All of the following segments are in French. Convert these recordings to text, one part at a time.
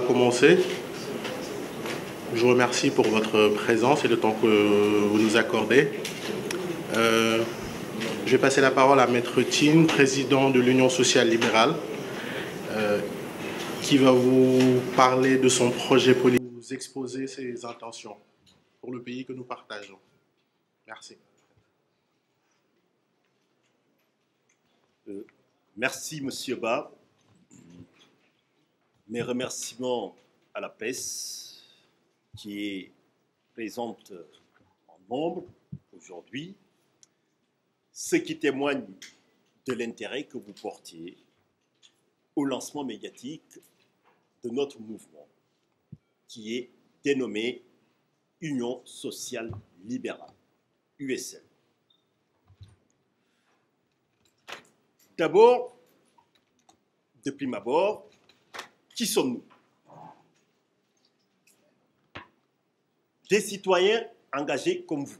commencer. Je vous remercie pour votre présence et le temps que vous nous accordez. Euh, je vais passer la parole à Maître tin président de l'Union sociale libérale, euh, qui va vous parler de son projet politique, vous exposer ses intentions pour le pays que nous partageons. Merci. Euh, merci, Monsieur Bas. Mes remerciements à la presse qui est présente en nombre aujourd'hui, ce qui témoigne de l'intérêt que vous portiez au lancement médiatique de notre mouvement qui est dénommé Union sociale libérale, USL. D'abord, depuis prime abord, qui sommes-nous Des citoyens engagés comme vous.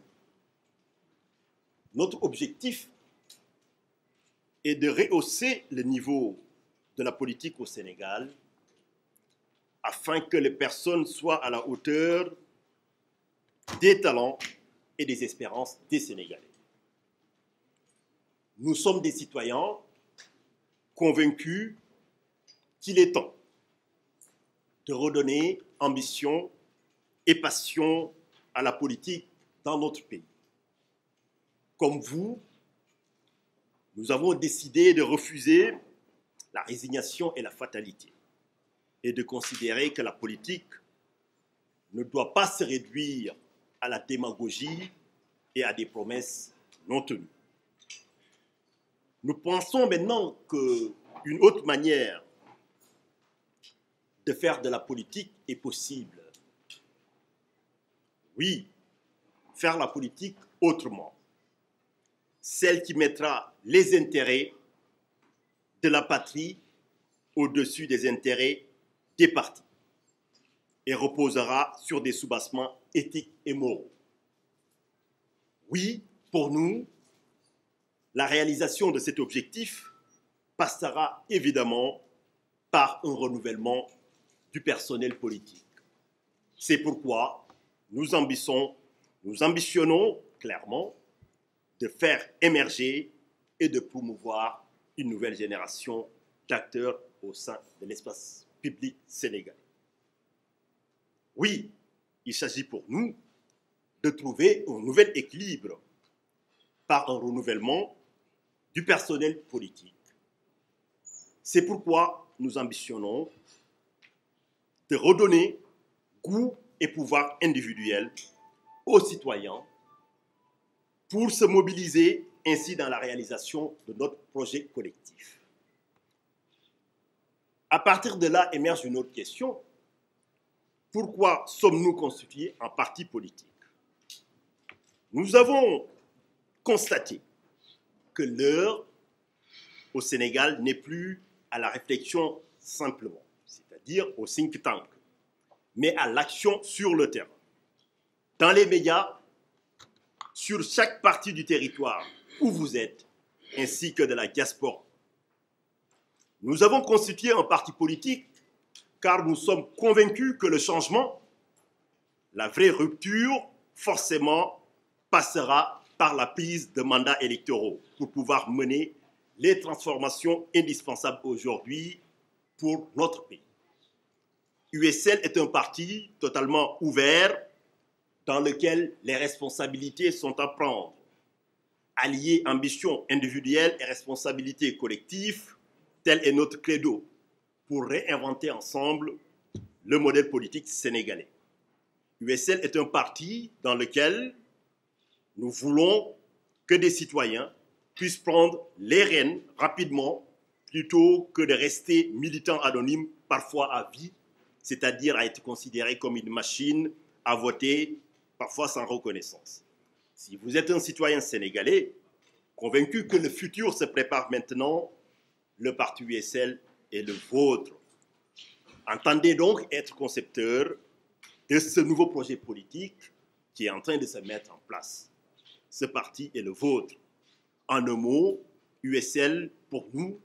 Notre objectif est de rehausser le niveau de la politique au Sénégal afin que les personnes soient à la hauteur des talents et des espérances des Sénégalais. Nous sommes des citoyens convaincus qu'il est temps de redonner ambition et passion à la politique dans notre pays. Comme vous, nous avons décidé de refuser la résignation et la fatalité et de considérer que la politique ne doit pas se réduire à la démagogie et à des promesses non tenues. Nous pensons maintenant qu'une autre manière de faire de la politique est possible. Oui, faire la politique autrement. Celle qui mettra les intérêts de la patrie au-dessus des intérêts des partis et reposera sur des soubassements éthiques et moraux. Oui, pour nous, la réalisation de cet objectif passera évidemment par un renouvellement du personnel politique. C'est pourquoi nous, nous ambitionnons clairement de faire émerger et de promouvoir une nouvelle génération d'acteurs au sein de l'espace public sénégalais. Oui, il s'agit pour nous de trouver un nouvel équilibre par un renouvellement du personnel politique. C'est pourquoi nous ambitionnons de redonner goût et pouvoir individuel aux citoyens pour se mobiliser ainsi dans la réalisation de notre projet collectif. À partir de là émerge une autre question. Pourquoi sommes-nous constitués en parti politique Nous avons constaté que l'heure au Sénégal n'est plus à la réflexion simplement c'est-à-dire au think tank, mais à l'action sur le terrain. Dans les médias, sur chaque partie du territoire où vous êtes, ainsi que de la diaspora. Nous avons constitué un parti politique car nous sommes convaincus que le changement, la vraie rupture, forcément passera par la prise de mandats électoraux pour pouvoir mener les transformations indispensables aujourd'hui pour notre pays. USL est un parti totalement ouvert dans lequel les responsabilités sont à prendre. Allier ambition individuelle et responsabilité collective, tel est notre credo pour réinventer ensemble le modèle politique sénégalais. USL est un parti dans lequel nous voulons que des citoyens puissent prendre les rênes rapidement plutôt que de rester militant anonyme, parfois à vie, c'est-à-dire à être considéré comme une machine à voter, parfois sans reconnaissance. Si vous êtes un citoyen sénégalais, convaincu que le futur se prépare maintenant, le parti USL est le vôtre. Entendez donc être concepteur de ce nouveau projet politique qui est en train de se mettre en place. Ce parti est le vôtre. En un mot, USL, pour nous,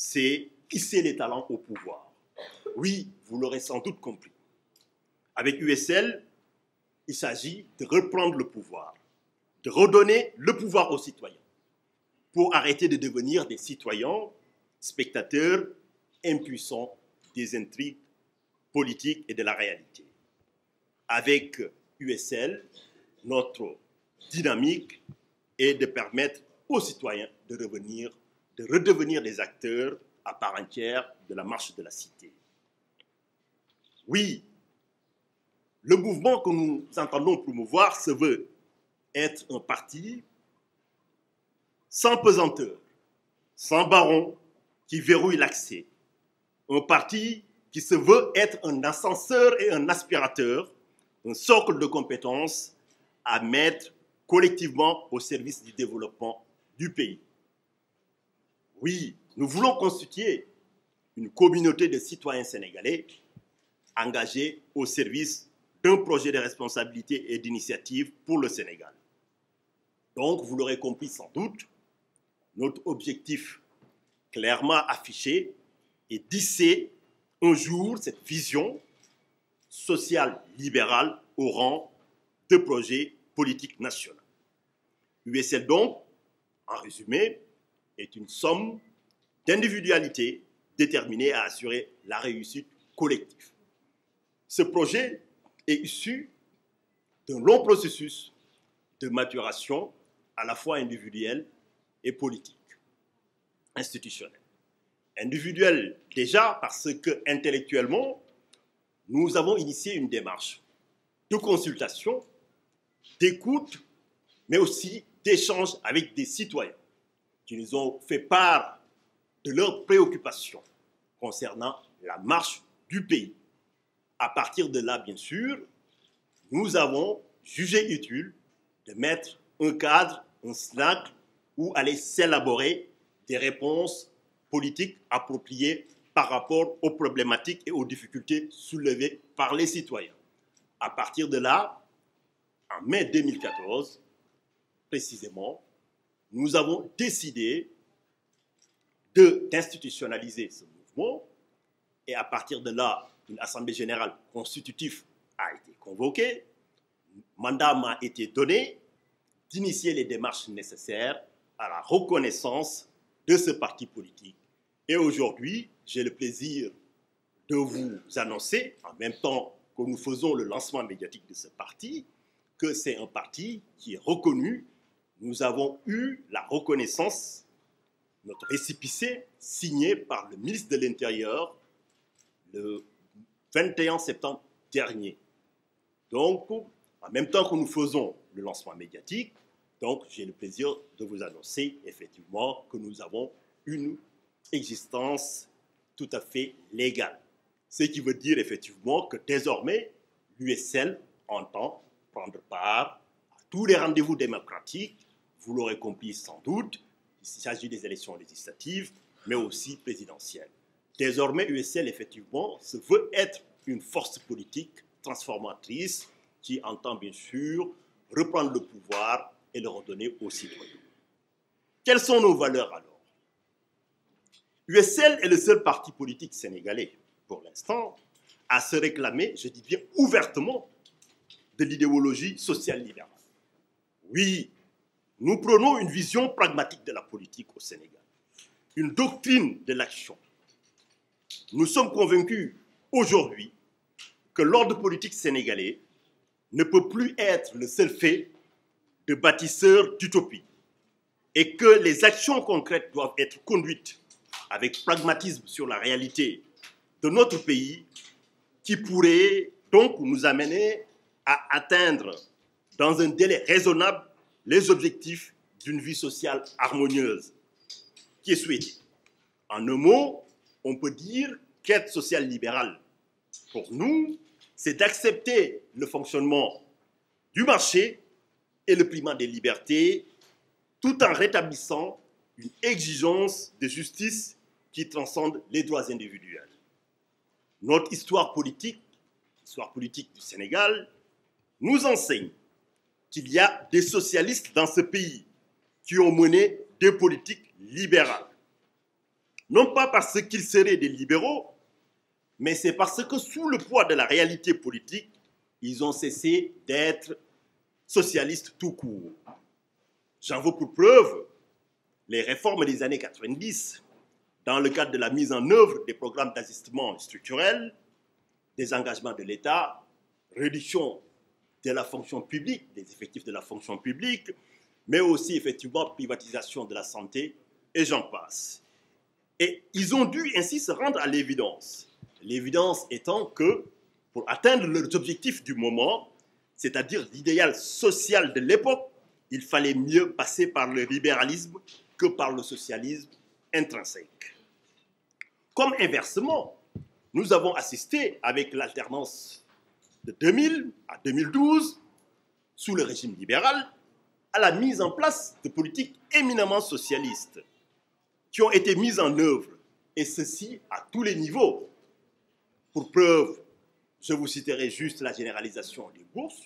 c'est hisser les talents au pouvoir. Oui, vous l'aurez sans doute compris. Avec USL, il s'agit de reprendre le pouvoir, de redonner le pouvoir aux citoyens, pour arrêter de devenir des citoyens, spectateurs, impuissants des intrigues politiques et de la réalité. Avec USL, notre dynamique est de permettre aux citoyens de revenir de redevenir des acteurs à part entière de la marche de la cité. Oui, le mouvement que nous entendons promouvoir se veut être un parti sans pesanteur, sans baron qui verrouille l'accès, un parti qui se veut être un ascenseur et un aspirateur, un socle de compétences à mettre collectivement au service du développement du pays. Oui, nous voulons constituer une communauté de citoyens sénégalais engagés au service d'un projet de responsabilité et d'initiative pour le Sénégal. Donc, vous l'aurez compris sans doute, notre objectif clairement affiché est dissé, un jour cette vision sociale libérale au rang de projet politique national. USL donc, en résumé, est une somme d'individualités déterminées à assurer la réussite collective. Ce projet est issu d'un long processus de maturation à la fois individuelle et politique, institutionnelle. Individuelle déjà parce que intellectuellement, nous avons initié une démarche de consultation, d'écoute, mais aussi d'échange avec des citoyens qui nous ont fait part de leurs préoccupations concernant la marche du pays. À partir de là, bien sûr, nous avons jugé utile de mettre un cadre, un snack, où allait s'élaborer des réponses politiques appropriées par rapport aux problématiques et aux difficultés soulevées par les citoyens. À partir de là, en mai 2014, précisément, nous avons décidé d'institutionnaliser ce mouvement et à partir de là, une assemblée générale constitutive a été convoquée, mandat m'a été donné d'initier les démarches nécessaires à la reconnaissance de ce parti politique. Et aujourd'hui, j'ai le plaisir de vous annoncer, en même temps que nous faisons le lancement médiatique de ce parti, que c'est un parti qui est reconnu nous avons eu la reconnaissance, notre récipicé signé par le ministre de l'Intérieur le 21 septembre dernier. Donc, en même temps que nous faisons le lancement médiatique, donc j'ai le plaisir de vous annoncer effectivement que nous avons une existence tout à fait légale. Ce qui veut dire effectivement que désormais, l'USL entend prendre part à tous les rendez-vous démocratiques vous l'aurez compris sans doute, il s'agit des élections législatives, mais aussi présidentielles. Désormais, USL, effectivement, se veut être une force politique transformatrice qui entend bien sûr reprendre le pouvoir et le redonner aux citoyens. Quelles sont nos valeurs alors USL est le seul parti politique sénégalais, pour l'instant, à se réclamer, je dis bien ouvertement, de l'idéologie sociale libérale. Oui, nous prenons une vision pragmatique de la politique au Sénégal, une doctrine de l'action. Nous sommes convaincus aujourd'hui que l'ordre politique sénégalais ne peut plus être le seul fait de bâtisseurs d'utopie et que les actions concrètes doivent être conduites avec pragmatisme sur la réalité de notre pays qui pourrait donc nous amener à atteindre dans un délai raisonnable les objectifs d'une vie sociale harmonieuse qui est souhaitée. En un mot, on peut dire quête sociale libérale. Pour nous, c'est d'accepter le fonctionnement du marché et le primat des libertés tout en rétablissant une exigence de justice qui transcende les droits individuels. Notre histoire politique, l'histoire politique du Sénégal, nous enseigne qu'il y a des socialistes dans ce pays qui ont mené des politiques libérales. Non pas parce qu'ils seraient des libéraux, mais c'est parce que sous le poids de la réalité politique, ils ont cessé d'être socialistes tout court. J'en veux pour preuve les réformes des années 90 dans le cadre de la mise en œuvre des programmes d'assistement structurel, des engagements de l'État, réduction de la fonction publique, des effectifs de la fonction publique, mais aussi effectivement privatisation de la santé, et j'en passe. Et ils ont dû ainsi se rendre à l'évidence. L'évidence étant que, pour atteindre leurs objectifs du moment, c'est-à-dire l'idéal social de l'époque, il fallait mieux passer par le libéralisme que par le socialisme intrinsèque. Comme inversement, nous avons assisté avec l'alternance de 2000 à 2012, sous le régime libéral, à la mise en place de politiques éminemment socialistes qui ont été mises en œuvre, et ceci à tous les niveaux. Pour preuve, je vous citerai juste la généralisation des bourses,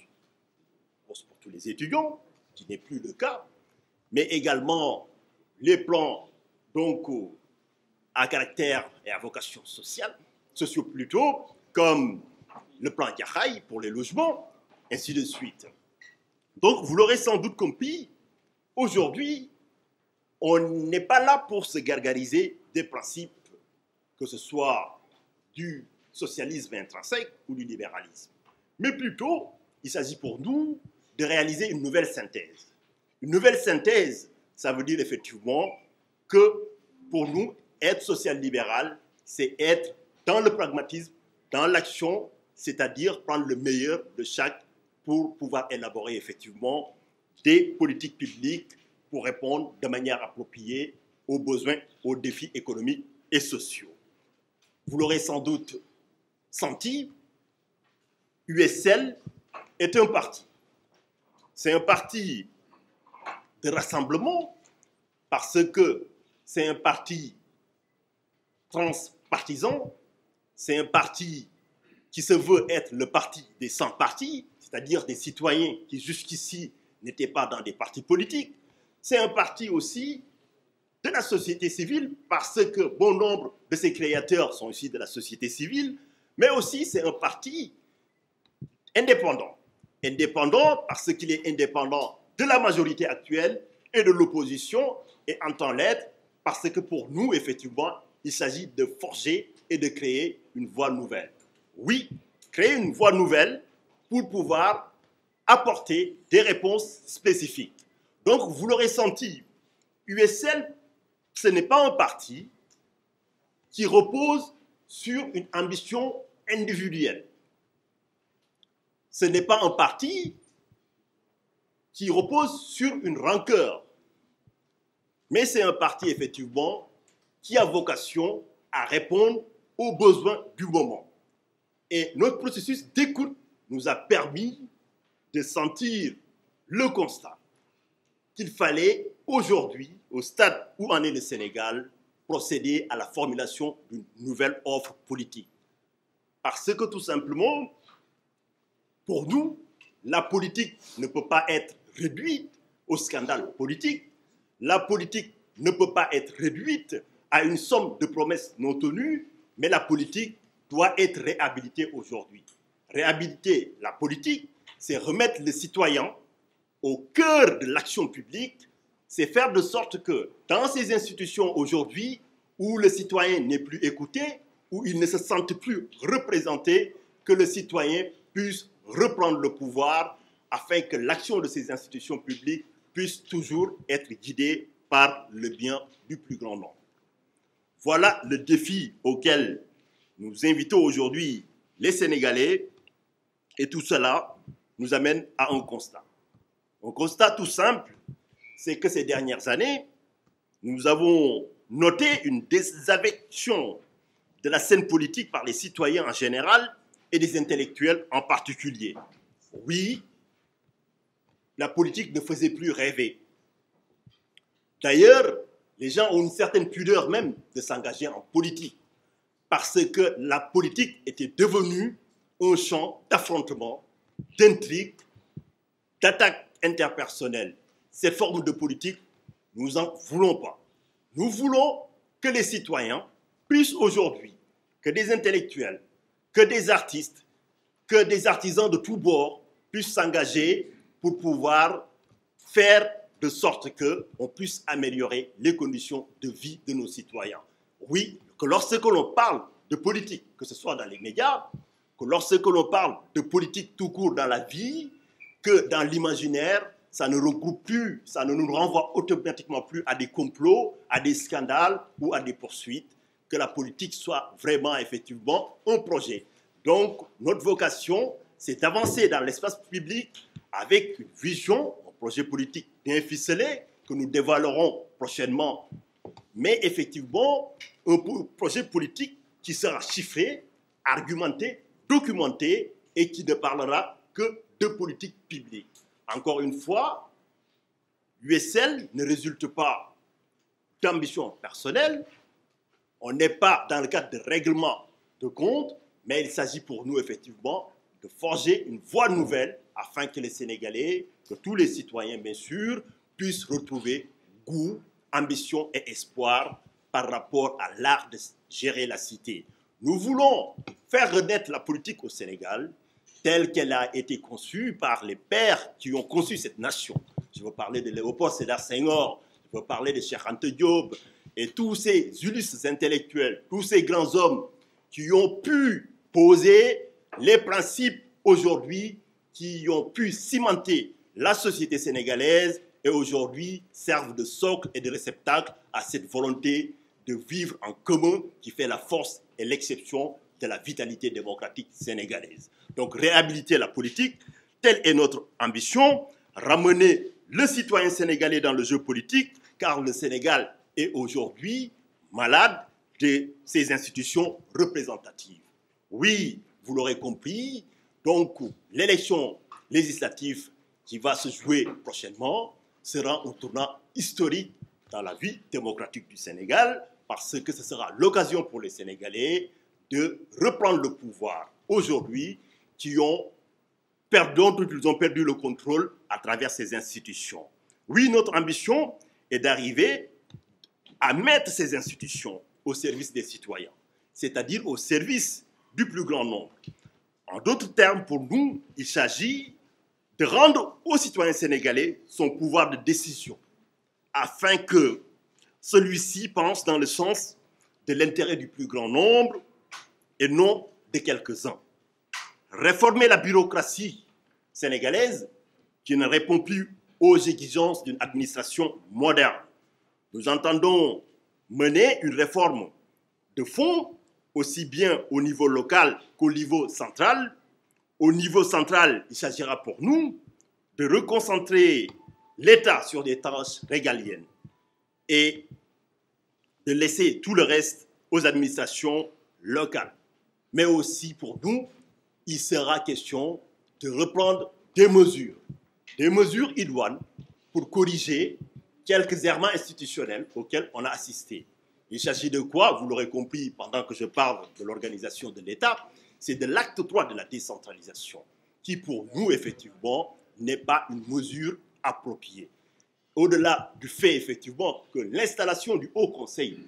bourses pour tous les étudiants, qui n'est plus le cas, mais également les plans donc à caractère et à vocation sociale, sociaux plutôt, comme le plan Yahai pour les logements, ainsi de suite. Donc, vous l'aurez sans doute compris, aujourd'hui, on n'est pas là pour se gargariser des principes, que ce soit du socialisme intrinsèque ou du libéralisme. Mais plutôt, il s'agit pour nous de réaliser une nouvelle synthèse. Une nouvelle synthèse, ça veut dire effectivement que pour nous, être social-libéral, c'est être dans le pragmatisme, dans l'action, c'est-à-dire prendre le meilleur de chaque pour pouvoir élaborer effectivement des politiques publiques pour répondre de manière appropriée aux besoins, aux défis économiques et sociaux. Vous l'aurez sans doute senti, USL est un parti. C'est un parti de rassemblement parce que c'est un parti transpartisan, c'est un parti qui se veut être le parti des sans-partis, c'est-à-dire des citoyens qui jusqu'ici n'étaient pas dans des partis politiques, c'est un parti aussi de la société civile parce que bon nombre de ses créateurs sont aussi de la société civile, mais aussi c'est un parti indépendant. Indépendant parce qu'il est indépendant de la majorité actuelle et de l'opposition et en tant l'être parce que pour nous, effectivement, il s'agit de forger et de créer une voie nouvelle oui, créer une voie nouvelle pour pouvoir apporter des réponses spécifiques. Donc, vous l'aurez senti, USL, ce n'est pas un parti qui repose sur une ambition individuelle. Ce n'est pas un parti qui repose sur une rancœur. Mais c'est un parti, effectivement, qui a vocation à répondre aux besoins du moment. Et notre processus d'écoute nous a permis de sentir le constat qu'il fallait aujourd'hui, au stade où en est le Sénégal, procéder à la formulation d'une nouvelle offre politique. Parce que tout simplement, pour nous, la politique ne peut pas être réduite au scandale politique, la politique ne peut pas être réduite à une somme de promesses non tenues, mais la politique doit être réhabilité aujourd'hui. Réhabiliter la politique, c'est remettre les citoyens au cœur de l'action publique, c'est faire de sorte que dans ces institutions aujourd'hui, où le citoyen n'est plus écouté, où il ne se sente plus représenté, que le citoyen puisse reprendre le pouvoir afin que l'action de ces institutions publiques puisse toujours être guidée par le bien du plus grand nombre. Voilà le défi auquel nous invitons aujourd'hui les Sénégalais et tout cela nous amène à un constat. Un constat tout simple, c'est que ces dernières années, nous avons noté une désaffection de la scène politique par les citoyens en général et des intellectuels en particulier. Oui, la politique ne faisait plus rêver. D'ailleurs, les gens ont une certaine pudeur même de s'engager en politique parce que la politique était devenue un champ d'affrontement, d'intrigue, d'attaque interpersonnelle. Ces formes de politique, nous n'en voulons pas. Nous voulons que les citoyens puissent aujourd'hui, que des intellectuels, que des artistes, que des artisans de tous bords puissent s'engager pour pouvoir faire de sorte qu'on puisse améliorer les conditions de vie de nos citoyens. Oui, que lorsque l'on parle de politique, que ce soit dans les médias, que lorsque l'on parle de politique tout court dans la vie, que dans l'imaginaire, ça ne regroupe plus, ça ne nous renvoie automatiquement plus à des complots, à des scandales ou à des poursuites, que la politique soit vraiment effectivement un projet. Donc notre vocation, c'est d'avancer dans l'espace public avec une vision, un projet politique bien ficelé que nous dévoilerons prochainement mais effectivement un projet politique qui sera chiffré, argumenté, documenté et qui ne parlera que de politique publique. Encore une fois, l'USL ne résulte pas d'ambition personnelle, on n'est pas dans le cadre de règlement de compte, mais il s'agit pour nous effectivement de forger une voie nouvelle afin que les Sénégalais, que tous les citoyens bien sûr, puissent retrouver goût ambition et espoir par rapport à l'art de gérer la cité. Nous voulons faire renaître la politique au Sénégal telle qu'elle a été conçue par les pères qui ont conçu cette nation. Je veux parler de Léopold Sédar Senghor, je veux parler de Cheikh Ante Diop et tous ces illustres intellectuels, tous ces grands hommes qui ont pu poser les principes aujourd'hui qui ont pu cimenter la société sénégalaise et aujourd'hui servent de socle et de réceptacle à cette volonté de vivre en commun qui fait la force et l'exception de la vitalité démocratique sénégalaise. Donc réhabiliter la politique, telle est notre ambition, ramener le citoyen sénégalais dans le jeu politique, car le Sénégal est aujourd'hui malade de ses institutions représentatives. Oui, vous l'aurez compris, donc l'élection législative qui va se jouer prochainement sera un tournant historique dans la vie démocratique du Sénégal parce que ce sera l'occasion pour les Sénégalais de reprendre le pouvoir aujourd'hui qui ont perdu, ont perdu le contrôle à travers ces institutions. Oui, notre ambition est d'arriver à mettre ces institutions au service des citoyens, c'est-à-dire au service du plus grand nombre. En d'autres termes, pour nous, il s'agit rendre aux citoyens sénégalais son pouvoir de décision, afin que celui-ci pense dans le sens de l'intérêt du plus grand nombre et non de quelques-uns. Réformer la bureaucratie sénégalaise qui ne répond plus aux exigences d'une administration moderne. Nous entendons mener une réforme de fond, aussi bien au niveau local qu'au niveau central, au niveau central, il s'agira pour nous de reconcentrer l'État sur des tâches régaliennes et de laisser tout le reste aux administrations locales. Mais aussi pour nous, il sera question de reprendre des mesures, des mesures idoines pour corriger quelques errements institutionnels auxquels on a assisté. Il s'agit de quoi Vous l'aurez compris pendant que je parle de l'organisation de l'État c'est de l'acte 3 de la décentralisation, qui pour nous, effectivement, n'est pas une mesure appropriée. Au-delà du fait, effectivement, que l'installation du Haut Conseil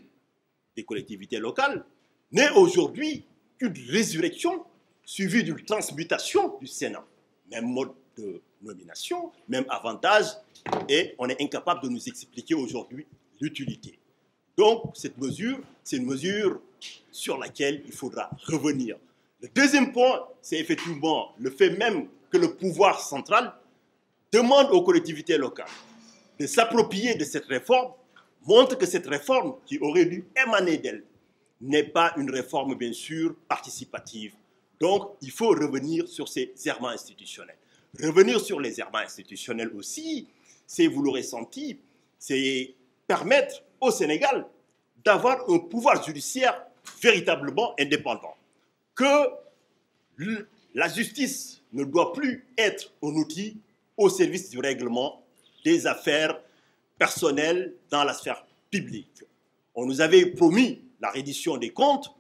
des collectivités locales n'est aujourd'hui qu'une résurrection suivie d'une transmutation du Sénat. Même mode de nomination, même avantage, et on est incapable de nous expliquer aujourd'hui l'utilité. Donc, cette mesure, c'est une mesure sur laquelle il faudra revenir. Le deuxième point, c'est effectivement le fait même que le pouvoir central demande aux collectivités locales de s'approprier de cette réforme, montre que cette réforme qui aurait dû émaner d'elle n'est pas une réforme, bien sûr, participative. Donc, il faut revenir sur ces errements institutionnels. Revenir sur les errements institutionnels aussi, c'est, vous l'aurez senti, c'est permettre au Sénégal d'avoir un pouvoir judiciaire véritablement indépendant que la justice ne doit plus être un outil au service du règlement des affaires personnelles dans la sphère publique. On nous avait promis la reddition des comptes.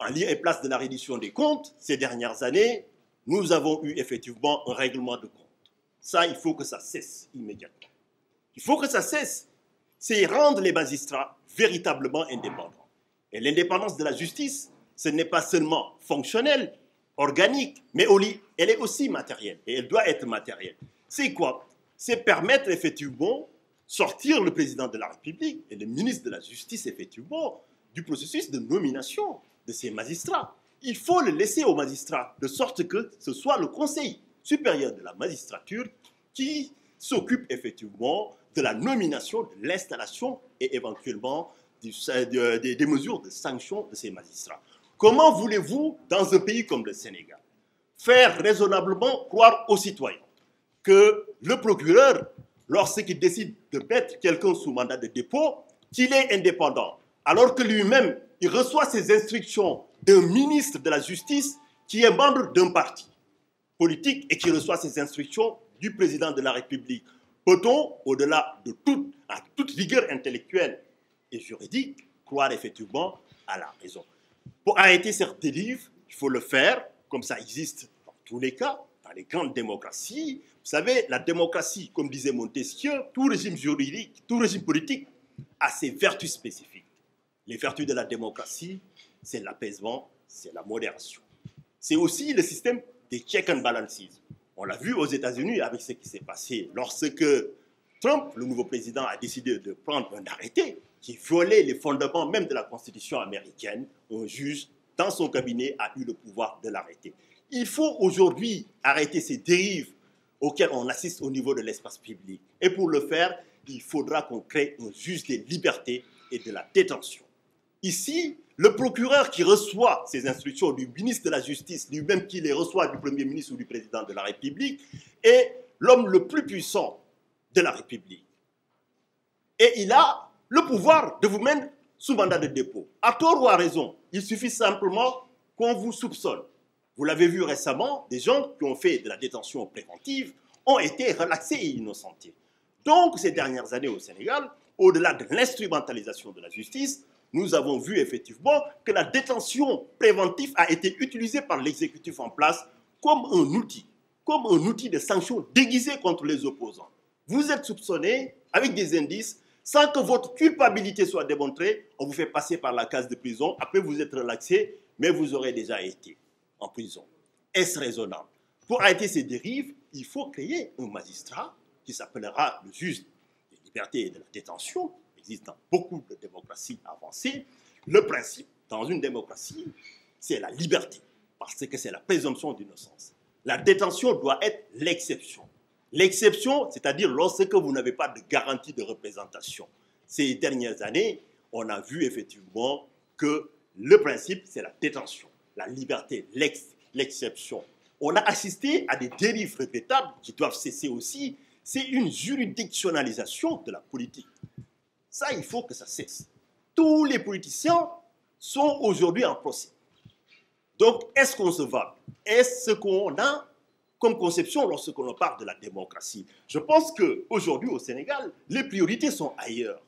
En lieu et place de la reddition des comptes, ces dernières années, nous avons eu effectivement un règlement de comptes. Ça, il faut que ça cesse immédiatement. Il faut que ça cesse. C'est rendre les magistrats véritablement indépendants. Et l'indépendance de la justice, ce n'est pas seulement fonctionnel, organique, mais elle est aussi matérielle et elle doit être matérielle. C'est quoi C'est permettre effectivement sortir le président de la République et le ministre de la Justice effectivement du processus de nomination de ces magistrats. Il faut le laisser aux magistrats, de sorte que ce soit le Conseil supérieur de la magistrature qui s'occupe effectivement de la nomination, de l'installation et éventuellement des, des mesures de sanction de ces magistrats. Comment voulez-vous, dans un pays comme le Sénégal, faire raisonnablement croire aux citoyens que le procureur, lorsqu'il décide de mettre quelqu'un sous mandat de dépôt, qu'il est indépendant, alors que lui-même, il reçoit ses instructions d'un ministre de la Justice qui est membre d'un parti politique et qui reçoit ses instructions du président de la République. Peut-on, au-delà de toute, à toute rigueur intellectuelle et juridique, croire effectivement à la raison pour arrêter certains livres, il faut le faire, comme ça existe dans tous les cas, dans les grandes démocraties. Vous savez, la démocratie, comme disait Montesquieu, tout régime juridique, tout régime politique a ses vertus spécifiques. Les vertus de la démocratie, c'est l'apaisement, c'est la modération. C'est aussi le système des check and balances. On l'a vu aux États-Unis avec ce qui s'est passé lorsque Trump, le nouveau président, a décidé de prendre un arrêté qui violait les fondements même de la Constitution américaine, un juge dans son cabinet a eu le pouvoir de l'arrêter. Il faut aujourd'hui arrêter ces dérives auxquelles on assiste au niveau de l'espace public. Et pour le faire, il faudra qu'on crée un juge des libertés et de la détention. Ici, le procureur qui reçoit ces instructions du ministre de la Justice, lui-même qui les reçoit du Premier ministre ou du Président de la République, est l'homme le plus puissant de la République. Et il a le pouvoir de vous mettre sous mandat de dépôt. À tort ou à raison, il suffit simplement qu'on vous soupçonne. Vous l'avez vu récemment, des gens qui ont fait de la détention préventive ont été relaxés et innocentés. Donc, ces dernières années au Sénégal, au-delà de l'instrumentalisation de la justice, nous avons vu effectivement que la détention préventive a été utilisée par l'exécutif en place comme un outil, comme un outil de sanction déguisé contre les opposants. Vous êtes soupçonné avec des indices, sans que votre culpabilité soit démontrée, on vous fait passer par la case de prison. Après, vous êtes relaxé, mais vous aurez déjà été en prison. Est-ce raisonnable Pour arrêter ces dérives, il faut créer un magistrat qui s'appellera le juge des liberté et de la détention. Il existe dans beaucoup de démocraties avancées. Le principe, dans une démocratie, c'est la liberté, parce que c'est la présomption d'innocence. La détention doit être l'exception. L'exception, c'est-à-dire lorsque vous n'avez pas de garantie de représentation. Ces dernières années, on a vu effectivement que le principe, c'est la détention, la liberté, l'exception. On a assisté à des dérives répétables qui doivent cesser aussi. C'est une juridictionnalisation de la politique. Ça, il faut que ça cesse. Tous les politiciens sont aujourd'hui en procès. Donc, est-ce qu'on se va Est-ce qu'on a comme conception lorsqu'on parle de la démocratie. Je pense qu'aujourd'hui au Sénégal, les priorités sont ailleurs.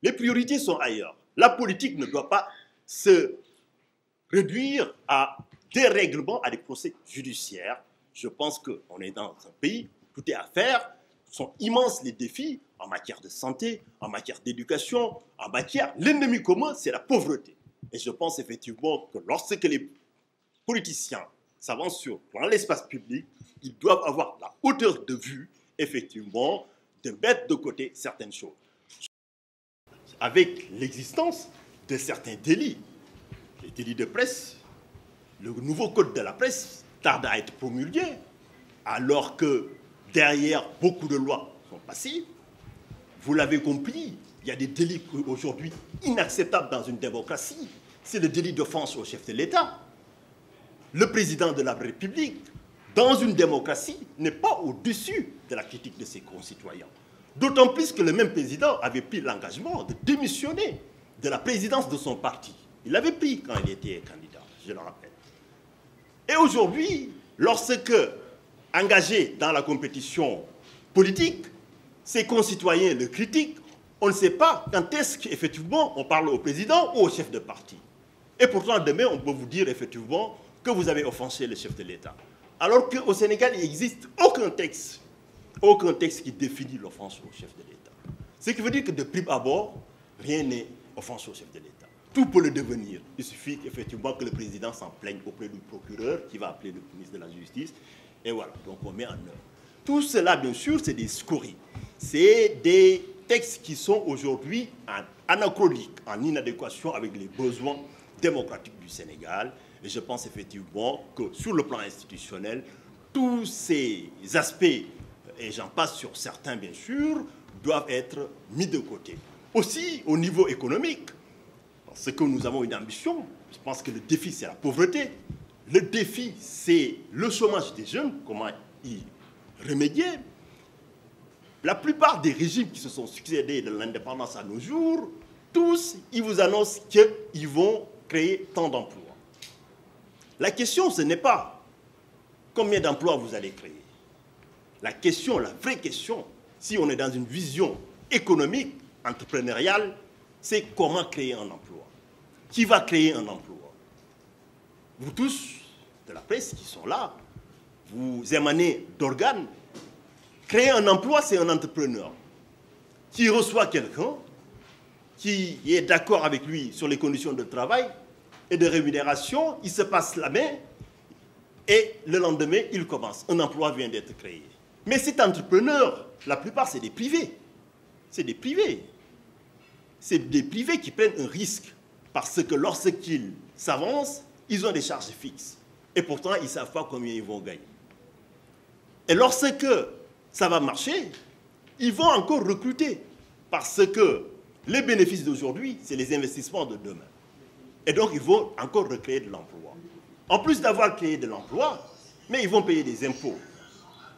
Les priorités sont ailleurs. La politique ne doit pas se réduire à des règlements, à des procès judiciaires. Je pense qu'on est dans un pays où tout est à faire. Sont immenses les défis en matière de santé, en matière d'éducation, en matière. L'ennemi commun, c'est la pauvreté. Et je pense effectivement que lorsque les politiciens avance sur dans l'espace public, ils doivent avoir la hauteur de vue, effectivement, de mettre de côté certaines choses. Avec l'existence de certains délits, les délits de presse, le nouveau code de la presse tarde à être promulgué, alors que derrière beaucoup de lois sont passées. Vous l'avez compris, il y a des délits aujourd'hui inacceptables dans une démocratie. C'est le délit d'offense au chef de l'État le président de la République, dans une démocratie, n'est pas au-dessus de la critique de ses concitoyens. D'autant plus que le même président avait pris l'engagement de démissionner de la présidence de son parti. Il l'avait pris quand il était candidat, je le rappelle. Et aujourd'hui, lorsque engagé dans la compétition politique, ses concitoyens le critiquent, on ne sait pas quand est-ce qu'effectivement on parle au président ou au chef de parti. Et pourtant, demain, on peut vous dire effectivement, que vous avez offensé le chef de l'État. Alors qu'au Sénégal, il n'existe aucun texte, aucun texte qui définit l'offense au chef de l'État. Ce qui veut dire que de prime abord, rien n'est offense au chef de l'État. Tout peut le devenir. Il suffit effectivement que le président s'en plaigne auprès du procureur qui va appeler le ministre de la Justice. Et voilà, donc on met en œuvre. Tout cela, bien sûr, c'est des scories. C'est des textes qui sont aujourd'hui anachroniques, en inadéquation avec les besoins démocratiques du Sénégal et je pense effectivement que sur le plan institutionnel, tous ces aspects, et j'en passe sur certains bien sûr, doivent être mis de côté. Aussi au niveau économique, parce que nous avons une ambition, je pense que le défi c'est la pauvreté, le défi c'est le chômage des jeunes, comment y remédier. La plupart des régimes qui se sont succédés de l'indépendance à nos jours, tous, ils vous annoncent qu'ils vont créer tant d'emplois. La question, ce n'est pas combien d'emplois vous allez créer. La question, la vraie question, si on est dans une vision économique, entrepreneuriale, c'est comment créer un emploi. Qui va créer un emploi Vous tous, de la presse qui sont là, vous émanez d'organes. Créer un emploi, c'est un entrepreneur qui reçoit quelqu'un, qui est d'accord avec lui sur les conditions de travail, et de rémunération, il se passe la main et le lendemain, il commence. Un emploi vient d'être créé. Mais cet entrepreneur, la plupart, c'est des privés. C'est des privés. C'est des privés qui prennent un risque parce que lorsqu'ils s'avancent, ils ont des charges fixes. Et pourtant, ils ne savent pas combien ils vont gagner. Et lorsque ça va marcher, ils vont encore recruter parce que les bénéfices d'aujourd'hui, c'est les investissements de demain. Et donc, ils vont encore recréer de l'emploi. En plus d'avoir créé de l'emploi, mais ils vont payer des impôts.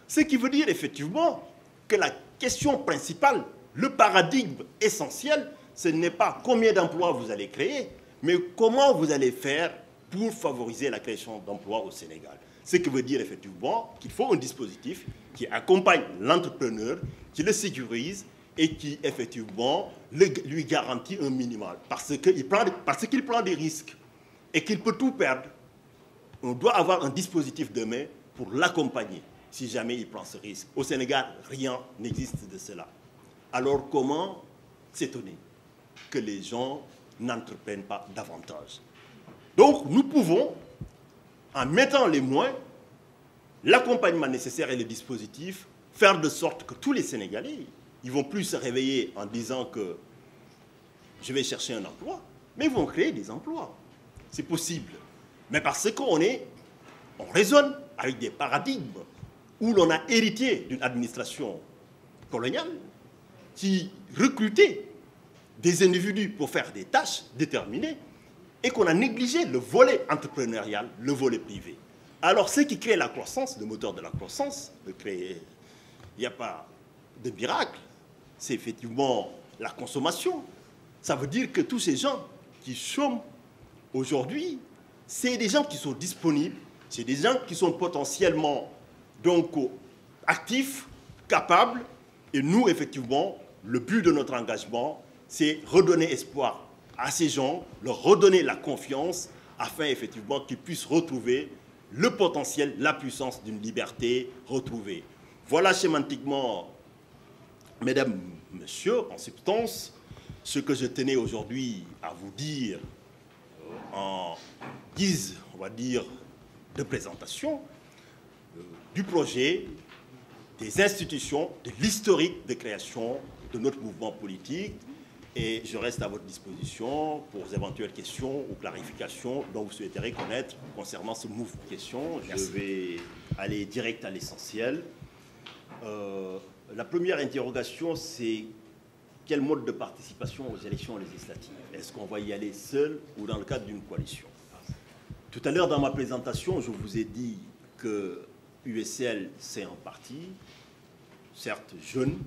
Ce qui veut dire effectivement que la question principale, le paradigme essentiel, ce n'est pas combien d'emplois vous allez créer, mais comment vous allez faire pour favoriser la création d'emplois au Sénégal. Ce qui veut dire effectivement qu'il faut un dispositif qui accompagne l'entrepreneur, qui le sécurise et qui, effectivement, lui garantit un minimal. Parce qu'il prend, parce qu'il prend des risques et qu'il peut tout perdre. On doit avoir un dispositif de main pour l'accompagner si jamais il prend ce risque. Au Sénégal, rien n'existe de cela. Alors comment s'étonner que les gens n'entreprennent pas davantage Donc nous pouvons, en mettant les moyens, l'accompagnement nécessaire et les dispositifs, faire de sorte que tous les Sénégalais ils vont plus se réveiller en disant que je vais chercher un emploi, mais ils vont créer des emplois. C'est possible. Mais parce qu'on est, on raisonne avec des paradigmes où l'on a hérité d'une administration coloniale qui recrutait des individus pour faire des tâches déterminées et qu'on a négligé le volet entrepreneurial, le volet privé. Alors, ce qui crée la croissance, le moteur de la croissance, il n'y a pas de miracle c'est effectivement la consommation. Ça veut dire que tous ces gens qui sont aujourd'hui, c'est des gens qui sont disponibles, c'est des gens qui sont potentiellement donc actifs, capables. Et nous, effectivement, le but de notre engagement, c'est redonner espoir à ces gens, leur redonner la confiance afin effectivement qu'ils puissent retrouver le potentiel, la puissance d'une liberté retrouvée. Voilà schématiquement Mesdames, Messieurs, en substance, ce que je tenais aujourd'hui à vous dire en guise, on va dire, de présentation euh, du projet, des institutions, de l'historique de création de notre mouvement politique. Et je reste à votre disposition pour éventuelles questions ou clarifications dont vous souhaitez reconnaître concernant ce mouvement. Question, je vais aller direct à l'essentiel. Euh, la première interrogation, c'est quel mode de participation aux élections législatives Est-ce qu'on va y aller seul ou dans le cadre d'une coalition Tout à l'heure, dans ma présentation, je vous ai dit que USL, c'est un parti, certes jeune,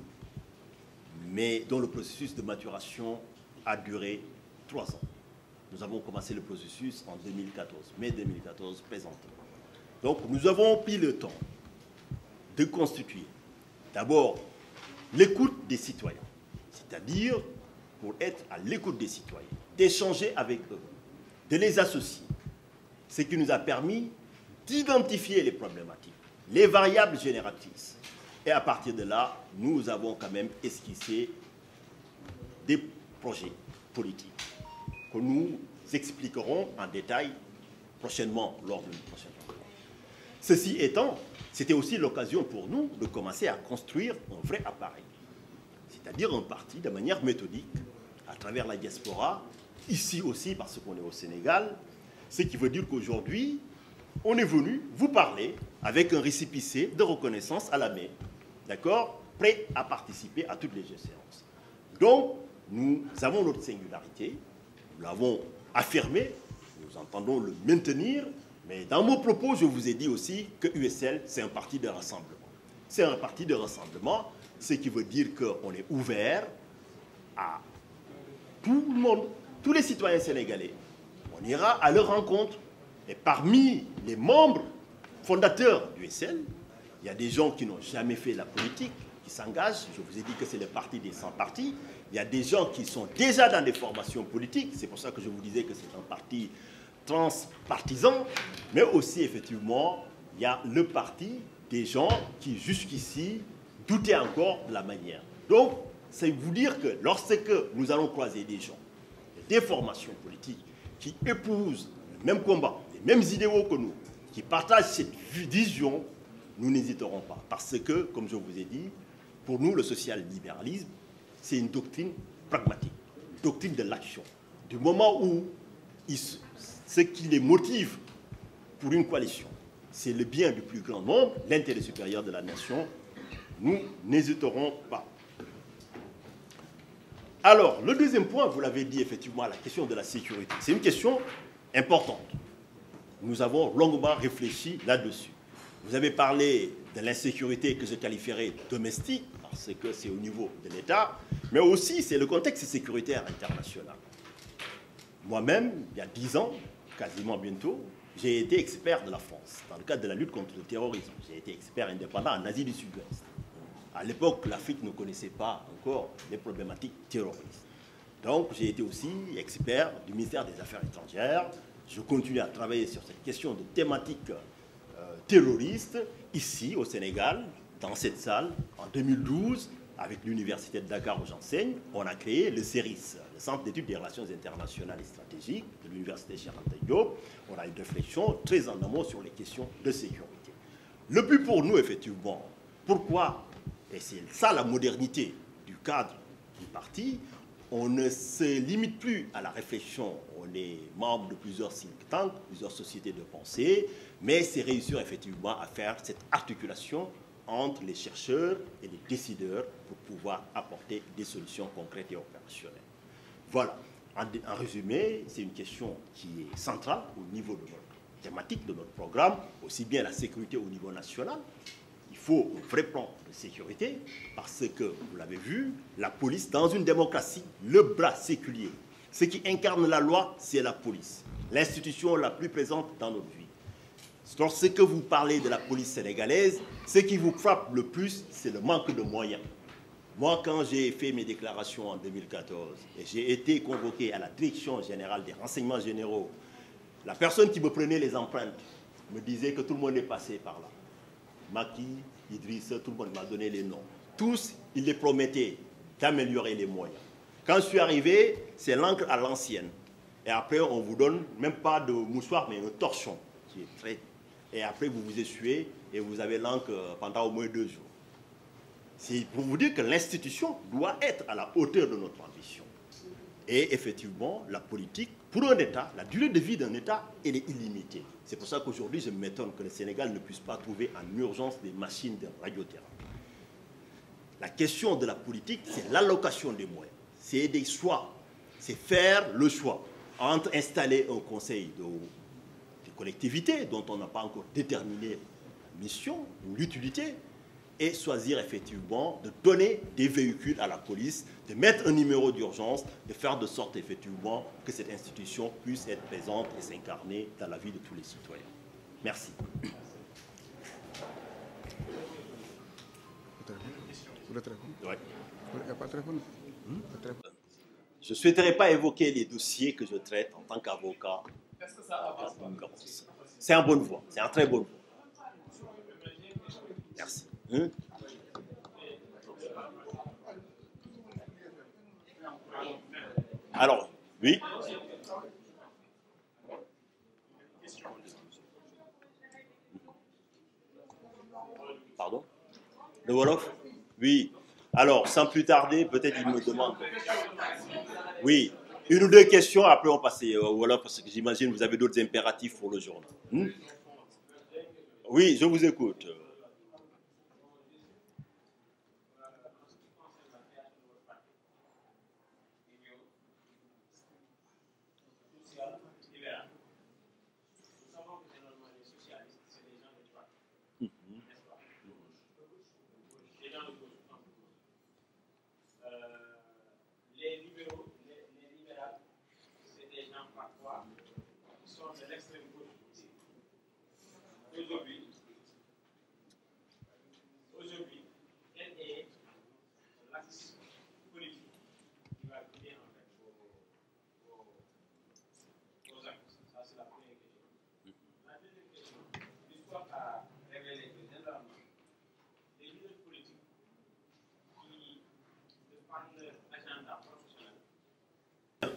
mais dont le processus de maturation a duré trois ans. Nous avons commencé le processus en 2014, mai 2014, présentement. Donc nous avons pris le temps de constituer D'abord, l'écoute des citoyens, c'est-à-dire pour être à l'écoute des citoyens, d'échanger avec eux, de les associer, ce qui nous a permis d'identifier les problématiques, les variables génératrices. Et à partir de là, nous avons quand même esquissé des projets politiques que nous expliquerons en détail prochainement lors de nos prochaine Ceci étant, c'était aussi l'occasion pour nous de commencer à construire un vrai appareil, c'est-à-dire un partie, de manière méthodique, à travers la diaspora, ici aussi parce qu'on est au Sénégal, ce qui veut dire qu'aujourd'hui, on est venu vous parler avec un récipicé de reconnaissance à la main, d'accord Prêt à participer à toutes les séances. Donc, nous avons notre singularité, nous l'avons affirmée, nous entendons le maintenir, mais dans mon propos, je vous ai dit aussi que USL, c'est un parti de rassemblement. C'est un parti de rassemblement, ce qui veut dire qu'on est ouvert à tout le monde, tous les citoyens sénégalais. On ira à leur rencontre. Et parmi les membres fondateurs d'USL, il y a des gens qui n'ont jamais fait la politique, qui s'engagent. Je vous ai dit que c'est le parti des 100 partis. Il y a des gens qui sont déjà dans des formations politiques. C'est pour ça que je vous disais que c'est un parti transpartisans, mais aussi effectivement, il y a le parti des gens qui jusqu'ici doutaient encore de la manière. Donc, c'est vous dire que lorsque nous allons croiser des gens, des formations politiques qui épousent le même combat, les mêmes idéaux que nous, qui partagent cette vision, nous n'hésiterons pas. Parce que, comme je vous ai dit, pour nous, le social-libéralisme, c'est une doctrine pragmatique, doctrine de l'action. Du moment où il ce qui les motive pour une coalition. C'est le bien du plus grand nombre, l'intérêt supérieur de la nation. Nous n'hésiterons pas. Alors, le deuxième point, vous l'avez dit effectivement, la question de la sécurité. C'est une question importante. Nous avons longuement réfléchi là-dessus. Vous avez parlé de l'insécurité que je qualifierais domestique, parce que c'est au niveau de l'État, mais aussi c'est le contexte sécuritaire international. Moi-même, il y a dix ans, quasiment bientôt, j'ai été expert de la France dans le cadre de la lutte contre le terrorisme. J'ai été expert indépendant en Asie du Sud-Ouest. À l'époque, l'Afrique ne connaissait pas encore les problématiques terroristes. Donc, j'ai été aussi expert du ministère des Affaires étrangères. Je continue à travailler sur cette question de thématiques euh, terroristes ici au Sénégal, dans cette salle, en 2012, avec l'université de Dakar où j'enseigne, on a créé le CERIS, Centre d'études des relations internationales et stratégiques de l'Université Charente On a une réflexion très en amont sur les questions de sécurité. Le but pour nous, effectivement, pourquoi, et c'est ça la modernité du cadre du parti, on ne se limite plus à la réflexion. On est membre de plusieurs think plusieurs sociétés de pensée, mais c'est réussir effectivement à faire cette articulation entre les chercheurs et les décideurs pour pouvoir apporter des solutions concrètes et opérationnelles. Voilà. En, résumé, c'est une question qui est centrale au niveau de notre thématique, de notre programme, aussi bien la sécurité au niveau national. Il faut un vrai plan de sécurité parce que, vous l'avez vu, la police, dans une démocratie, le bras séculier, ce qui incarne la loi, c'est la police, l'institution la plus présente dans notre vie. Lorsque vous parlez de la police sénégalaise, ce qui vous frappe le plus, c'est le manque de moyens. Moi, quand j'ai fait mes déclarations en 2014 et j'ai été convoqué à la direction générale des renseignements généraux, la personne qui me prenait les empreintes me disait que tout le monde est passé par là. Maki, Idriss, tout le monde m'a donné les noms. Tous, ils les promettaient d'améliorer les moyens. Quand je suis arrivé, c'est l'encre à l'ancienne. Et après, on vous donne même pas de moussoir, mais un torchon qui est prêt Et après, vous vous essuyez et vous avez l'encre pendant au moins deux jours. C'est pour vous dire que l'institution doit être à la hauteur de notre ambition. Et effectivement, la politique, pour un État, la durée de vie d'un État, elle est illimitée. C'est pour ça qu'aujourd'hui, je m'étonne que le Sénégal ne puisse pas trouver en urgence des machines de radiothérapie. La question de la politique, c'est l'allocation des moyens. C'est des choix. C'est faire le choix entre installer un conseil de, de collectivité dont on n'a pas encore déterminé la mission ou l'utilité, et choisir effectivement de donner des véhicules à la police, de mettre un numéro d'urgence, de faire de sorte effectivement que cette institution puisse être présente et s'incarner dans la vie de tous les citoyens. Merci. Je ne souhaiterais pas évoquer les dossiers que je traite en tant qu'avocat. C'est un bonne voie, c'est un très bon voie. Merci. Hmm. Alors, oui Pardon Le Wolof Oui. Alors, sans plus tarder, peut-être il me demande. Oui, une ou deux questions, après on passe euh, au Wolof, parce que j'imagine vous avez d'autres impératifs pour le journal. Hmm. oui, je vous écoute.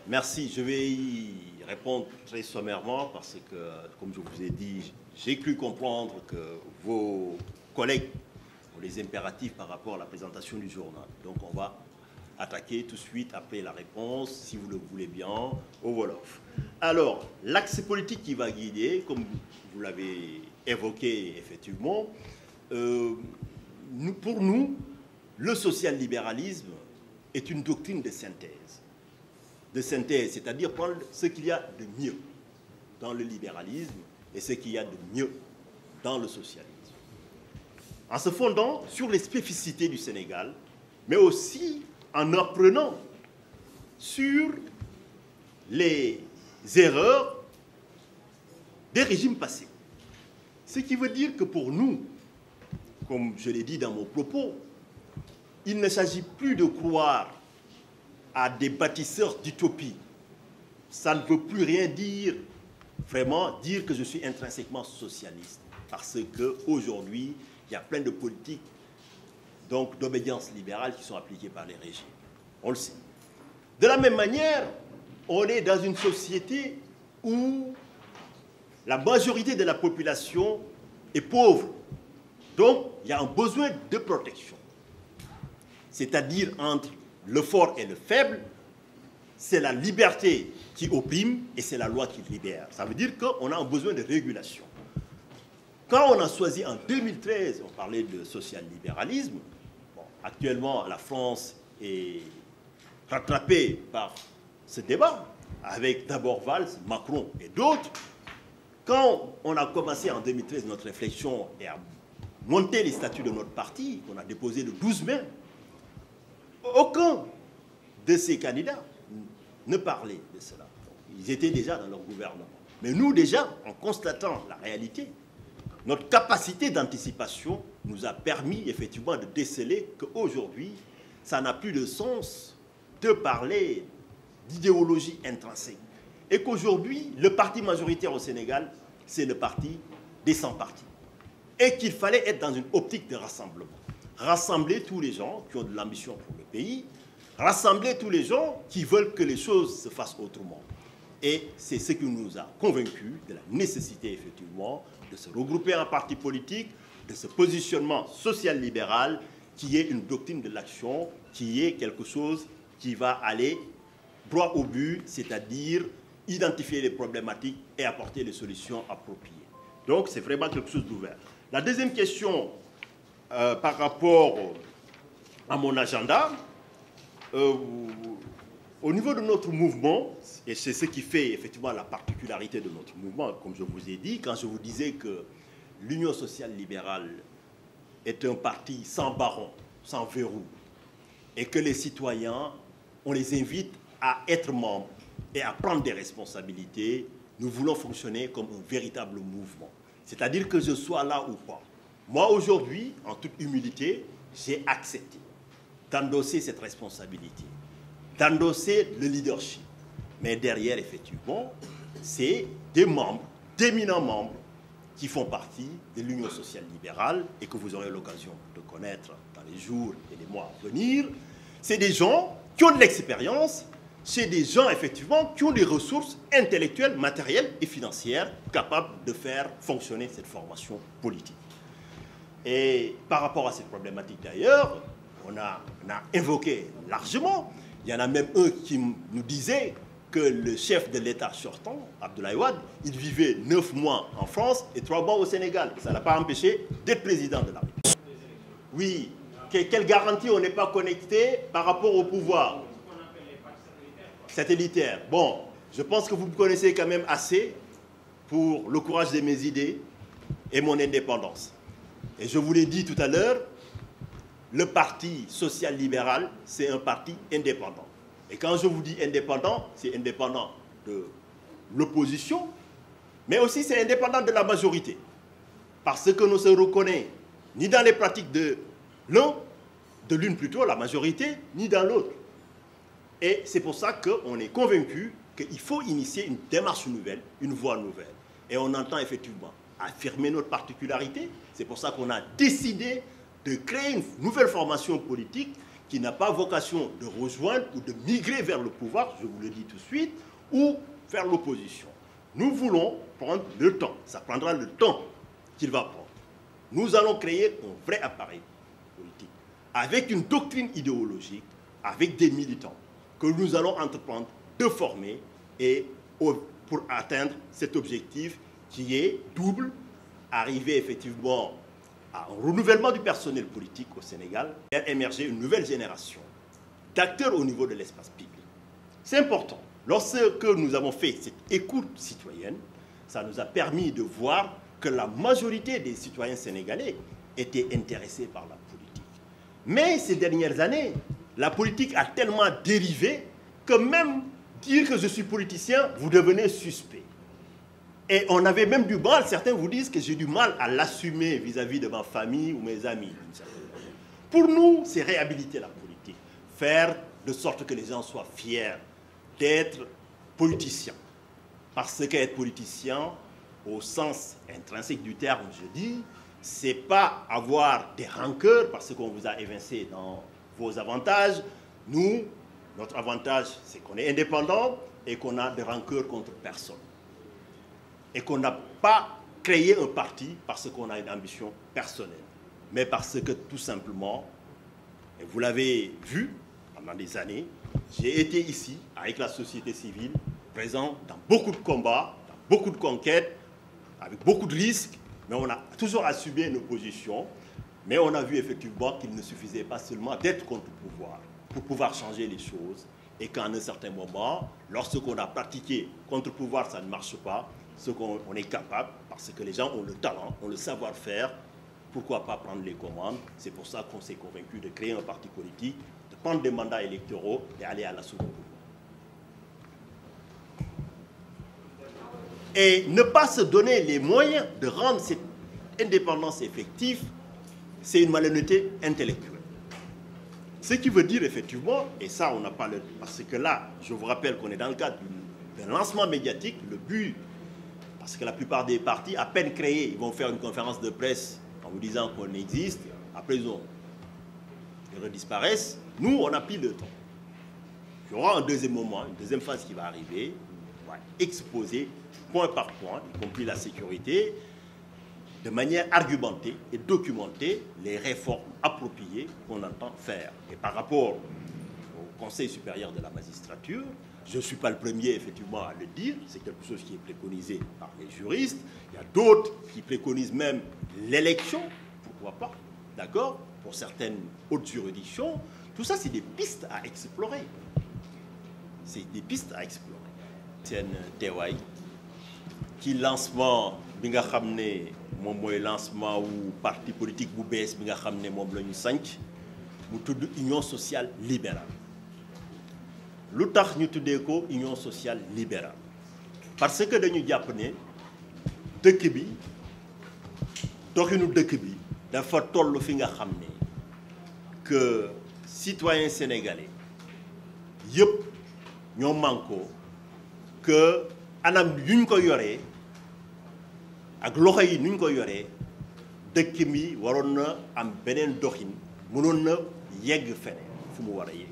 merci. Je vais y répondre très sommairement parce que, comme je vous ai dit, j'ai cru comprendre que vos collègues ont les impératifs par rapport à la présentation du journal. Donc on va attaquer tout de suite après la réponse, si vous le voulez bien, au Wolof. Alors, l'axe politique qui va guider, comme vous l'avez évoqué effectivement, euh, pour nous, le social-libéralisme est une doctrine de synthèse de synthèse, c'est-à-dire prendre ce qu'il y a de mieux dans le libéralisme et ce qu'il y a de mieux dans le socialisme. En se fondant sur les spécificités du Sénégal, mais aussi en apprenant sur les erreurs des régimes passés. Ce qui veut dire que pour nous, comme je l'ai dit dans mon propos, il ne s'agit plus de croire à des bâtisseurs d'utopie. Ça ne veut plus rien dire, vraiment, dire que je suis intrinsèquement socialiste. Parce qu'aujourd'hui, il y a plein de politiques donc d'obédience libérale qui sont appliquées par les régimes. On le sait. De la même manière, on est dans une société où la majorité de la population est pauvre. Donc, il y a un besoin de protection. C'est-à-dire entre le fort et le faible, c'est la liberté qui opprime et c'est la loi qui libère. Ça veut dire qu'on a besoin de régulation. Quand on a choisi en 2013, on parlait de social-libéralisme, actuellement la France est rattrapée par ce débat, avec d'abord Valls, Macron et d'autres. Quand on a commencé en 2013 notre réflexion et à monter les statuts de notre parti, qu'on a déposé le 12 mai aucun de ces candidats ne parlait de cela. Ils étaient déjà dans leur gouvernement. Mais nous, déjà, en constatant la réalité, notre capacité d'anticipation nous a permis effectivement de déceler qu'aujourd'hui, ça n'a plus de sens de parler d'idéologie intrinsèque. Et qu'aujourd'hui, le parti majoritaire au Sénégal, c'est le parti des 100 partis Et qu'il fallait être dans une optique de rassemblement rassembler tous les gens qui ont de l'ambition pour le pays, rassembler tous les gens qui veulent que les choses se fassent autrement. Et c'est ce qui nous a convaincus de la nécessité, effectivement, de se regrouper en parti politique, de ce positionnement social-libéral qui est une doctrine de l'action, qui est quelque chose qui va aller droit au but, c'est-à-dire identifier les problématiques et apporter les solutions appropriées. Donc c'est vraiment quelque chose d'ouvert. La deuxième question euh, par rapport à mon agenda, euh, au niveau de notre mouvement, et c'est ce qui fait effectivement la particularité de notre mouvement, comme je vous ai dit, quand je vous disais que l'Union sociale libérale est un parti sans baron, sans verrou, et que les citoyens, on les invite à être membres et à prendre des responsabilités, nous voulons fonctionner comme un véritable mouvement. C'est-à-dire que je sois là ou pas, moi, aujourd'hui, en toute humilité, j'ai accepté d'endosser cette responsabilité, d'endosser le leadership. Mais derrière, effectivement, c'est des membres, d'éminents membres, qui font partie de l'Union sociale libérale et que vous aurez l'occasion de connaître dans les jours et les mois à venir. C'est des gens qui ont de l'expérience, c'est des gens effectivement qui ont des ressources intellectuelles, matérielles et financières capables de faire fonctionner cette formation politique. Et par rapport à cette problématique d'ailleurs, on a, on invoqué largement. Il y en a même un qui nous disait que le chef de l'État sortant, Abdoulaye Wade, il vivait neuf mois en France et trois mois au Sénégal. Ça ne l'a pas empêché d'être président de la République. Oui, quelle garantie on n'est pas connecté par rapport au pouvoir Satellitaire. Bon, je pense que vous me connaissez quand même assez pour le courage de mes idées et mon indépendance. Et je vous l'ai dit tout à l'heure, le Parti social-libéral, c'est un parti indépendant. Et quand je vous dis indépendant, c'est indépendant de l'opposition, mais aussi c'est indépendant de la majorité. Parce que nous ne se reconnaissons ni dans les pratiques de l'un, de l'une plutôt, la majorité, ni dans l'autre. Et c'est pour ça qu'on est convaincu qu'il faut initier une démarche nouvelle, une voie nouvelle. Et on entend effectivement affirmer notre particularité. C'est pour ça qu'on a décidé de créer une nouvelle formation politique qui n'a pas vocation de rejoindre ou de migrer vers le pouvoir, je vous le dis tout de suite, ou vers l'opposition. Nous voulons prendre le temps. Ça prendra le temps qu'il va prendre. Nous allons créer un vrai appareil politique avec une doctrine idéologique, avec des militants que nous allons entreprendre de former et pour atteindre cet objectif qui est double, arrivé effectivement à un renouvellement du personnel politique au Sénégal, faire émerger une nouvelle génération d'acteurs au niveau de l'espace public. C'est important. Lorsque nous avons fait cette écoute citoyenne, ça nous a permis de voir que la majorité des citoyens sénégalais étaient intéressés par la politique. Mais ces dernières années, la politique a tellement dérivé que même dire que je suis politicien, vous devenez suspect. Et on avait même du mal, certains vous disent que j'ai du mal à l'assumer vis-à-vis de ma famille ou mes amis. Pour nous, c'est réhabiliter la politique, faire de sorte que les gens soient fiers d'être politiciens. Parce qu'être politicien, au sens intrinsèque du terme, je dis, c'est pas avoir des rancœurs parce qu'on vous a évincé dans vos avantages. Nous, notre avantage, c'est qu'on est indépendant et qu'on a des rancœurs contre personne et qu'on n'a pas créé un parti parce qu'on a une ambition personnelle, mais parce que tout simplement, et vous l'avez vu pendant des années, j'ai été ici avec la société civile, présent dans beaucoup de combats, dans beaucoup de conquêtes, avec beaucoup de risques, mais on a toujours assumé nos positions. Mais on a vu effectivement qu'il ne suffisait pas seulement d'être contre le pouvoir pour pouvoir changer les choses et qu'en un certain moment, lorsqu'on a pratiqué contre-pouvoir, ça ne marche pas, ce qu'on est capable, parce que les gens ont le talent, ont le savoir-faire. Pourquoi pas prendre les commandes C'est pour ça qu'on s'est convaincu de créer un parti politique, de prendre des mandats électoraux et aller à la soupe. Et ne pas se donner les moyens de rendre cette indépendance effective, c'est une malhonnêteté intellectuelle. Ce qui veut dire effectivement, et ça on n'a pas le... Parce que là, je vous rappelle qu'on est dans le cadre d'un lancement médiatique, le but parce que la plupart des partis, à peine créés, ils vont faire une conférence de presse en vous disant qu'on existe. Après, ils, ont, ils redisparaissent. Nous, on a pile de temps. Il y aura un deuxième moment, une deuxième phase qui va arriver. On va exposer point par point, y compris la sécurité, de manière argumentée et documentée les réformes appropriées qu'on entend faire. Et par rapport au Conseil supérieur de la magistrature, je ne suis pas le premier, effectivement, à le dire. C'est quelque chose qui est préconisé par les juristes. Il y a d'autres qui préconisent même l'élection. Pourquoi pas D'accord Pour certaines hautes juridictions. Tout ça, c'est des pistes à explorer. C'est des pistes à explorer. Tienne Tewai qui lancement bi nga mon lancement ou parti politique Boubès, bees bi nga 5, union sociale libérale lutax ñu tuddé ko union sociale libérale parce que dañu japp né dëkk bi doxinu dëkk bi dafa tollu fi nga xamné que citoyen sénégalais yépp ñoo manko que anam yuñ ko yoré ak loxo yi ñuñ ko yoré dëkk mi waron na am benen doxine mënon na yegg feneen fu mu yegg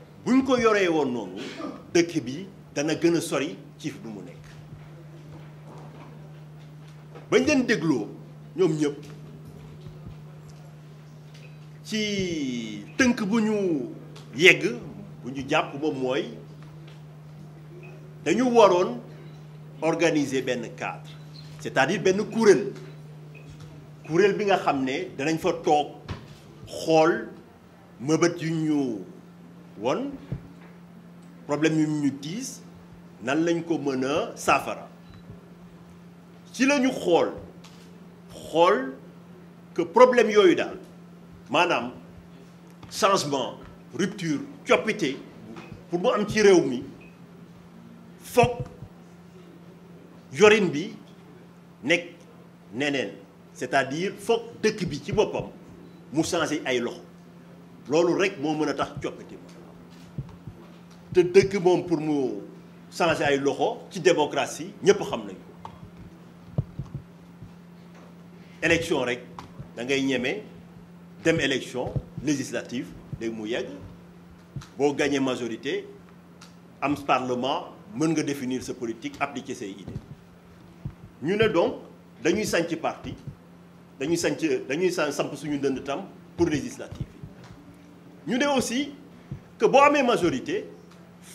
buñ ko yoree woon noonu dëkk bi dana gën a sori ci du mu nekk bañ leen dégloo ñoom ñëpp ci tënk bu ñu yegg bu ñu jàpp moom mooy dañu waroon organiser benn cadre c'est-à-dire benn kuréel kuréel bi nga xam ne danañ fa toog xool mëbët yu won problème yu ñu diis nan lañ ko mën a ci lañu xol xol que problème yoyu dal manam changement rupture coppite pour mu am ci réew mi foog yorine bi nek neneen c'est-à-dire foog dëkk bi ci boppam mu changer ay lox loolu rek moo mën a tax coppite te dëgg moom pour mu changer ay loxo ci démocratie ñëpp xam nañu élection rek da ngay ñeme dem élection législative léegi mu yegg boo gagné majorité am parlement mën nga définir sa politique appliquer say idées ñu ne donc dañuy sanc parti dañuy sanc dañuy samp suñu dënd tam pour législative ñu ne aussi que boo amee majorité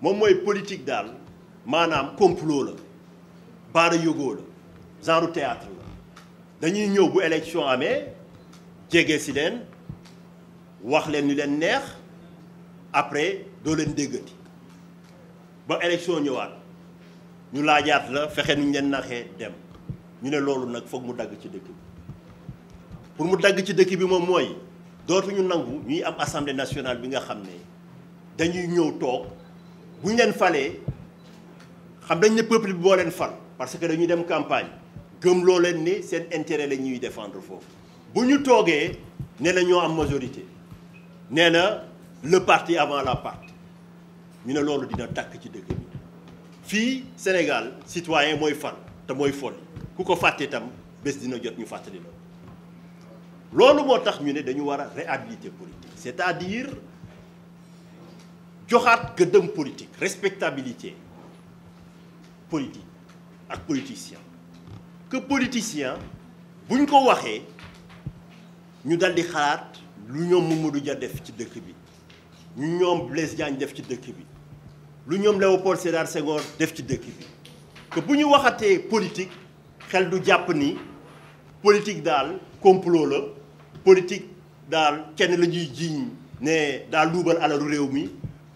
moom mooy politique d'al, manam complot la baara yógoo la genre théâtre la dañuy ñëw bu élection amé, jege si leen wax leen ñu leen après do leen déggati ba élection ñëwaat ñu laajaat la fexe nu ñu leen naxee dem ñu ne loolu nak foog mu dag ci dëkk bi pour mu dag ci dëkk bi moom mooy dootuñu nangu ñuy am assemblée nationale bi nga xam ne dañuy ñëw toog bu ñu leen falee xam dañ ne peuple bi boo fal parce que dañuy dem campagne gëmloo leen ni sen intérêt la ñuy défendre fofu buñu togué né la na ñoo am majorité né la le parti avant la partie ñu né lolu dina tak ci dëkk bi fi Sénégal citoyen moy fal te moy fol ku ko fàtte itam bés dina jot ñu fàttali lolu lolu motax ñu né dañu wara réhabiliter politique c'est-à-dire a politique respectabilité politique ak politicien que politicien buñ ko waxé ñu dal di lu ñom Mamadou Dia def ci dëkk bi ñu Blaise def ci dëkk bi Léopold Sédar Senghor def ci dëkk bi que politique xel du politique nous complot la politique nous kenn la né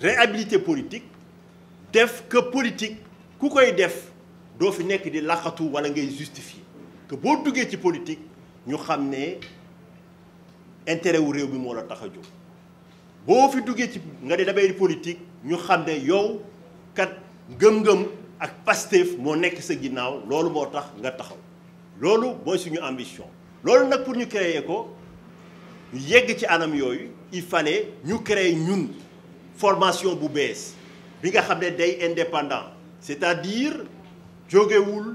réhabilité politique def que politique ku koy def do fi nek di laqatu wala ngay justifier que bo duggee ci politique ñu xamné intérêt wu réew bi mo la taxaju bo fi duggee ci nga di damay politique ñu xam ne yow kat ngëm-ngëm ak Pastef mo nek sa ginnaw lolu mo tax nga taxaw lolu boy suñu ambition lolu nak pour ñu créer ko yegg ci anam yoyu il fallait ñu créer ñun formation Bou bees bi nga xamné day indépendant c'est-à-dire jógewul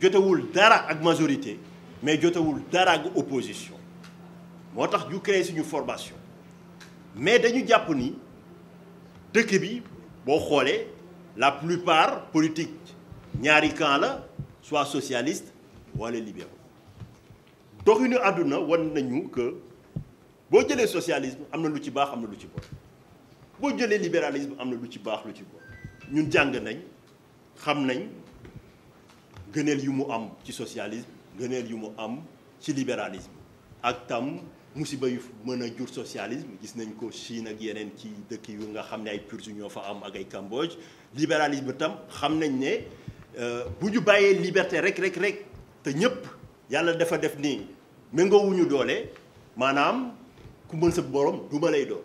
jotewul dara ak majorité mais jotewul dara ak opposition motax tax ñu créé suñu formation mais dañu japp ni dëkk bi bo xolé la plupart politique ñaari camp la soit socialiste wala libéraux doxinu àdduna wan nañu que bo jëlé socialisme amna lu ci baax am lu ci bon boo jëlee libéralisme am na lu ci baax lu ci bon ñun jàng nañ xam nañ gëneel yu mu am ci socialisme gëneel yu mu am ci libéralisme ak tam musiba yu mën a jur socialisme gis nañ ko Chine ak yeneen ci dëkk yu nga xam ne ay yu ñoo fa am ak ay Cambodge libéralisme tam xam nañ ne euh, bu ñu bàyyee liberté rek rek rek te ñëpp yàlla dafa def nii méngoowuñu doole maanaam ku mën sa borom duma lay doon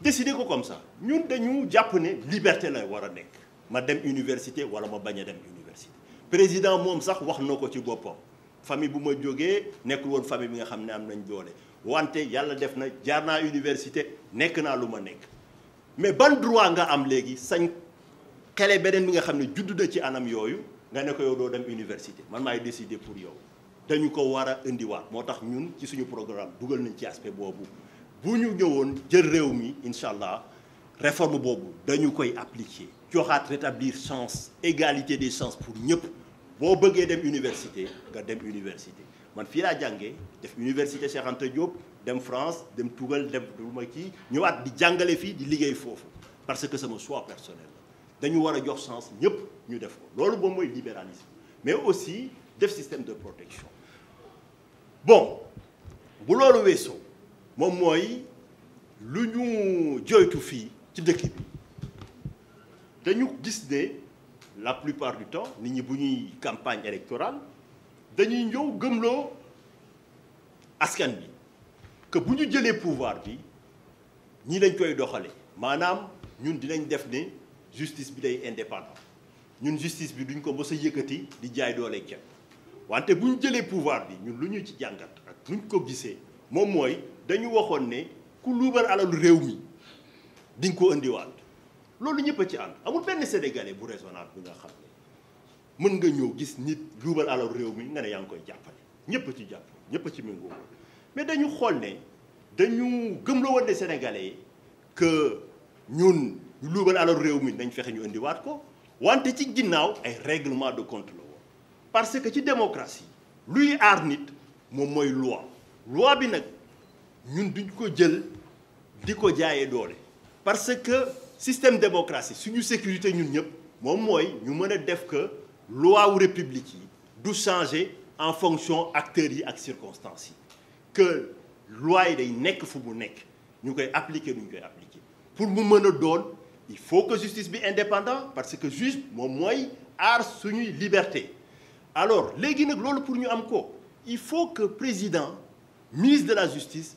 Décidé ko comme ça ñun dañu jàpp ne liberté lay war a ma dem université wala ma bañ dem université président moom sax wax na ko ci boppam famille bu ma jógee woon famille bi nga xam am nañ doole wante yàlla def na jaar université nekk naa lu ma mais ban droit nga am léegi sañ xele beneen bi nga xam ne judd na ci anam yooyu nga ne yow doo dem université man may décider pour yow dañu ko wara a indiwaat moo tax ñun ci suñu programme dugal nañ ci aspect bu ñu ñëwoon jël réew mi inshallah réforme boobu dañu koy appliquer joxaat rétablir chance égalité des chances pour ñëpp boo bëggee dem université nga dem université man fii laa jàngee def université Cheikh Anta Diop dem France dem tugal dem lu ma kii ñëwaat di jàngale fii di liggéey foofu parce que sama choix personnel la dañu war a jox sens ñëpp ñu def ko loolu moom mooy libéralisme mais aussi def système de protection bon bu loolu weesoo moom moy luñu joytu fi, ci dëkk bi dañu gis la plupart du temps nit ñi bu campagne électorale dañuy ñëw gëmlo askan bi que bu ñu pouvoir bi ñi lañ koy doxalé manam ñun dinañ def né justice bi day indépendant ñun justice bi duñ ko mës yëkëti di jaay doolé kenn wante bu ñu pouvoir bi ñun luñu ci jàngat ak lu ko moy dañu waxoon ne ku luubal alalu réew mi di ko indiwaat loolu ñëpp a ci ànd amul benn sénégalais bu raisonnable bi nga xam ne mën nga ñëw gis nit luubal alalu réew mi nga ne yaa ngi koy jàppale ñëpp a ci jàpp ñëpp a ci méngoo mais dañu xool ne dañu gëm woon ne sénégalais yi que ñun ñu luubal alalu réew mi nañ fexe ñu indiwaat ko wante ci ginnaaw ay réglement de compte la woon parce que ci démocratie luy aar nit moom mooy loi loi bi nag. Nous duñ ko jël di ko jaayee parce que système démocratie suñu sécurité ñun ñëpp moom mooy ñu mën def que loi wu république yi du changer en fonction acteurs yi ak circonstances que loi yi day nekk fu mu nekk ñu appliquer appliquer pour mu mën a doon il faut que justice soit indépendant parce que juge moom mooy aar suñuy liberté alors léegi nag loolu pour ñu am ko il faut que président ministre de la justice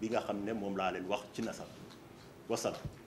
bi nga xam ne moom laa leen wax ci nasar wasalaam